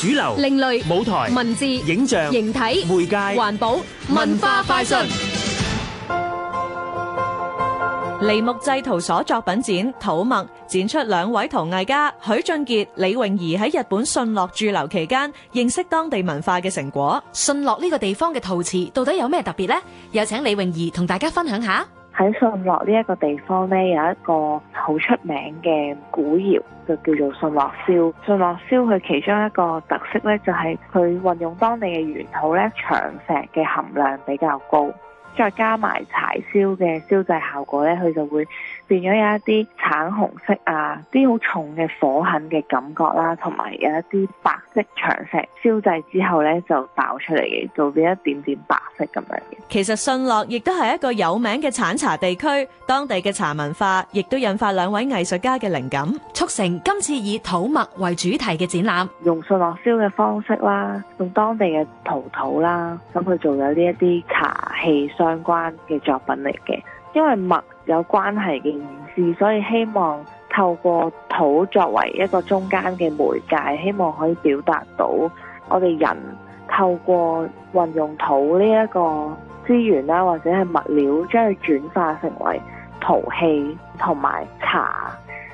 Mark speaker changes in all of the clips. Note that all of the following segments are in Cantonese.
Speaker 1: 主流、另類舞台、文字、影像、形體、媒介、環保、文化、快訊。梨木製圖所作品展土墨展出兩位陶藝家許俊傑、李泳儀喺日本信樂駐留期間認識當地文化嘅成果。信樂呢個地方嘅陶瓷到底有咩特別呢？有請李泳儀同大家分享下。
Speaker 2: 喺信樂呢一個地方咧，有一個好出名嘅古窯，就叫做信樂燒。信樂燒佢其中一個特色咧，就係、是、佢運用當地嘅原土咧，長石嘅含量比較高。再加埋柴燒嘅燒製效果咧，佢就會變咗有一啲橙紅色啊，啲好重嘅火痕嘅感覺啦，同埋有一啲白色長石燒製之後咧，就爆出嚟嘅，做咗一點點白色咁
Speaker 1: 樣嘅。其實信樂亦都係一個有名嘅產茶地區，當地嘅茶文化亦都引發兩位藝術家嘅靈感，促成今次以土墨為主題嘅展覽，
Speaker 2: 用信樂燒嘅方式啦，用當地嘅陶土啦，咁去做咗呢一啲茶器。相關嘅作品嚟嘅，因為物有關係嘅意思，所以希望透過土作為一個中間嘅媒介，希望可以表達到我哋人透過運用土呢一個資源啦，或者係物料，將佢轉化成為陶器同埋茶。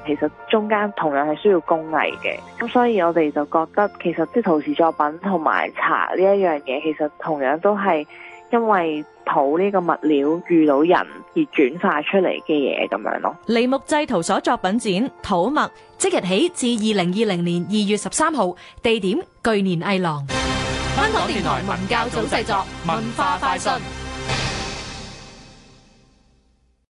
Speaker 2: 其實中間同樣係需要工藝嘅，咁所以我哋就覺得其實即係陶瓷作品同埋茶呢一樣嘢，其實同樣都係。因為土呢個物料遇到人而轉化出嚟嘅嘢咁樣咯。
Speaker 1: 梨木製圖所作品展，土墨，即日起至二零二零年二月十三號，地點巨年藝廊。
Speaker 2: 香港電台文教組製作，文化快訊。